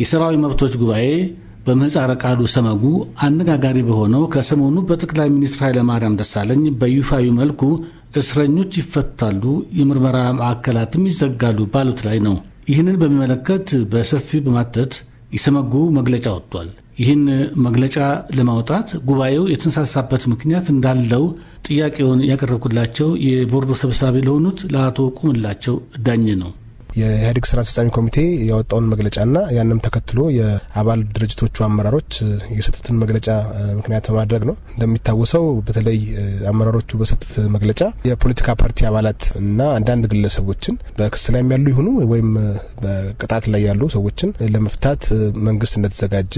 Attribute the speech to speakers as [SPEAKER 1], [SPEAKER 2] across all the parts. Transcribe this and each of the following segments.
[SPEAKER 1] የሰብአዊ መብቶች ጉባኤ በምህፃረ ቃሉ ሰመጉ አነጋጋሪ በሆነው ከሰሞኑ በጠቅላይ ሚኒስትር ኃይለማርያም ደሳለኝ በይፋዊ መልኩ እስረኞች ይፈታሉ፣ የምርመራ ማዕከላትም ይዘጋሉ ባሉት ላይ ነው። ይህንን በሚመለከት በሰፊው በማተት የሰመጉ መግለጫ ወጥቷል። ይህን መግለጫ ለማውጣት ጉባኤው የተነሳሳበት ምክንያት እንዳለው ጥያቄውን ያቀረብኩላቸው የቦርዱ ሰብሳቢ ለሆኑት ለአቶ ቁምላቸው ዳኝ ነው።
[SPEAKER 2] የኢህአዴግ ስራ አስፈጻሚ ኮሚቴ ያወጣውን መግለጫና ያንም ተከትሎ የአባል ድርጅቶቹ አመራሮች የሰጡትን መግለጫ ምክንያት በማድረግ ነው። እንደሚታወሰው በተለይ አመራሮቹ በሰጡት መግለጫ የፖለቲካ ፓርቲ አባላት እና አንዳንድ ግለሰቦችን በክስ ላይም ያሉ ይሁኑ ወይም በቅጣት ላይ ያሉ ሰዎችን ለመፍታት መንግስት እንደተዘጋጀ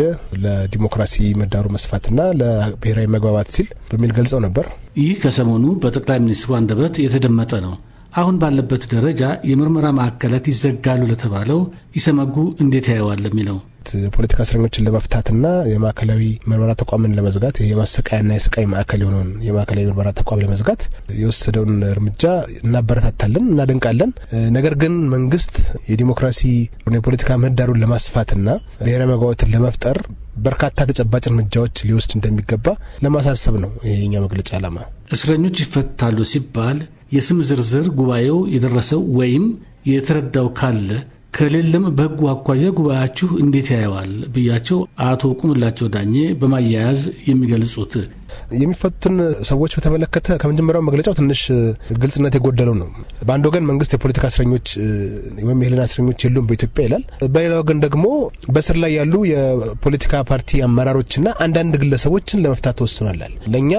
[SPEAKER 2] ለዲሞክራሲ ምህዳሩ መስፋትና ለብሔራዊ መግባባት
[SPEAKER 1] ሲል በሚል ገልጸው ነበር። ይህ ከሰሞኑ በጠቅላይ ሚኒስትሩ አንደበት የተደመጠ ነው። አሁን ባለበት ደረጃ የምርመራ ማዕከላት ይዘጋሉ ለተባለው ይሰመጉ እንዴት ያየዋል የሚለው
[SPEAKER 2] የፖለቲካ እስረኞችን ለመፍታትና የማዕከላዊ ምርመራ ተቋምን ለመዝጋት የማሰቃያና የስቃይ ማዕከል የሆነውን የማዕከላዊ ምርመራ ተቋም ለመዝጋት የወሰደውን እርምጃ እናበረታታለን፣ እናደንቃለን። ነገር ግን መንግስት የዲሞክራሲ የፖለቲካ ምህዳሩን ለማስፋትና ብሔራዊ መግባባትን ለመፍጠር በርካታ ተጨባጭ እርምጃዎች ሊወስድ እንደሚገባ ለማሳሰብ
[SPEAKER 1] ነው የኛ መግለጫ ዓላማ። እስረኞች ይፈታሉ ሲባል የስም ዝርዝር ጉባኤው የደረሰው ወይም የተረዳው ካለ ከሌለም በህጉ አኳያ ጉባኤያችሁ እንዴት ያየዋል ብያቸው አቶ ቁምላቸው ዳኜ በማያያዝ የሚገልጹት
[SPEAKER 2] የሚፈቱትን ሰዎች በተመለከተ ከመጀመሪያው መግለጫው ትንሽ ግልጽነት የጎደለው ነው። በአንድ ወገን መንግስት የፖለቲካ እስረኞች ወይም የህሊና እስረኞች የሉም በኢትዮጵያ ይላል። በሌላ ወገን ደግሞ በስር ላይ ያሉ የፖለቲካ ፓርቲ አመራሮችና አንዳንድ ግለሰቦችን ለመፍታት ተወስኗላል። ለእኛ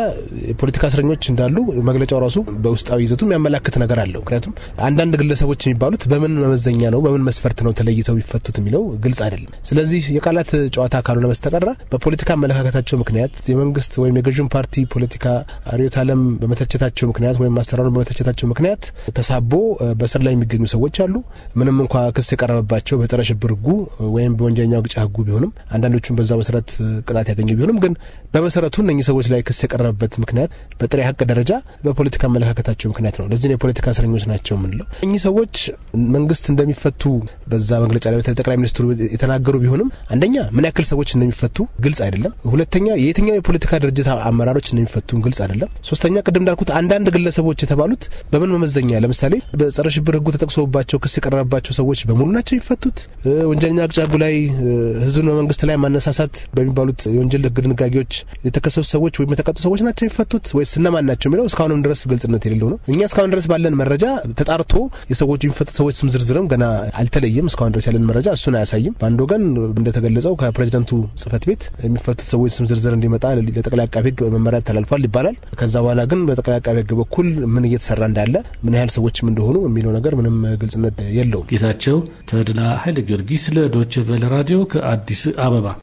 [SPEAKER 2] የፖለቲካ እስረኞች እንዳሉ መግለጫው ራሱ በውስጣዊ ይዘቱ የሚያመላክት ነገር አለው። ምክንያቱም አንዳንድ ግለሰቦች የሚባሉት በምን መመዘኛ ነው፣ በምን መስፈርት ነው ተለይተው የሚፈቱት የሚለው ግልጽ አይደለም። ስለዚህ የቃላት ጨዋታ ካልሆነ በስተቀር በፖለቲካ አመለካከታቸው ምክንያት የመንግስት ወይም የገዢ የገዥውን ፓርቲ ፖለቲካ ርዕዮተ ዓለም በመተቸታቸው ምክንያት ወይም አሰራሩን በመተቸታቸው ምክንያት ተሳቦ በእስር ላይ የሚገኙ ሰዎች አሉ። ምንም እንኳ ክስ የቀረበባቸው በጸረ ሽብር ህጉ ወይም በወንጀለኛ መቅጫ ህጉ ቢሆንም አንዳንዶቹም በዛ መሰረት ቅጣት ያገኙ ቢሆንም ግን በመሰረቱ እነኚህ ሰዎች ላይ ክስ የቀረበበት ምክንያት በጥሬ ሀቅ ደረጃ በፖለቲካ አመለካከታቸው ምክንያት ነው። ለዚህ የፖለቲካ እስረኞች ናቸው የምንለው። እኚህ ሰዎች መንግስት እንደሚፈቱ በዛ መግለጫ ላይ ጠቅላይ ሚኒስትሩ የተናገሩ ቢሆንም አንደኛ ምን ያክል ሰዎች እንደሚፈቱ ግልጽ አይደለም። ሁለተኛ የየትኛው የፖለቲካ ድርጅት አመራሮች እንደሚፈቱም ግልጽ አይደለም። ሶስተኛ ቅድም እንዳልኩት አንዳንድ ግለሰቦች የተባሉት በምን መመዘኛ? ለምሳሌ በጸረ ሽብር ህጉ ተጠቅሶባቸው ክስ የቀረበባቸው ሰዎች በሙሉ ናቸው የሚፈቱት? ወንጀለኛ አቅጫ ላይ ህዝብን በመንግስት ላይ ማነሳሳት በሚባሉት የወንጀል ህግ ድንጋጌዎች የተከሰሱ ሰዎች ወይም የተቀጡ ሰዎች ናቸው የሚፈቱት ወይስ እነማን ናቸው የሚለው እስካሁንም ድረስ ግልጽነት የሌለው ነው። እኛ እስካሁን ድረስ ባለን መረጃ ተጣርቶ የሰዎች የሚፈቱት ሰዎች ስም ዝርዝርም ገና አልተለየም። እስካሁን ድረስ ያለን መረጃ እሱን አያሳይም። በአንድ ወገን እንደተገለጸው ከፕሬዚደንቱ ጽህፈት ቤት የሚፈቱት ሰዎች ስም ዝርዝር እንዲመጣ ለጠቅላይ አቃቤ ህግ መመሪያ ተላልፏል ይባላል። ከዛ በኋላ ግን በጠቅላይ አቃቤ ህግ በኩል ምን እየተሰራ እንዳለ ምን ያህል ሰዎችም እንደሆኑ
[SPEAKER 1] የሚለው ነገር ምንም ግልጽነት የለውም። ጌታቸው ተድላ ኃይለ ጊዮርጊስ ለዶይቼ ቬለ ራዲዮ ከአዲስ አበባ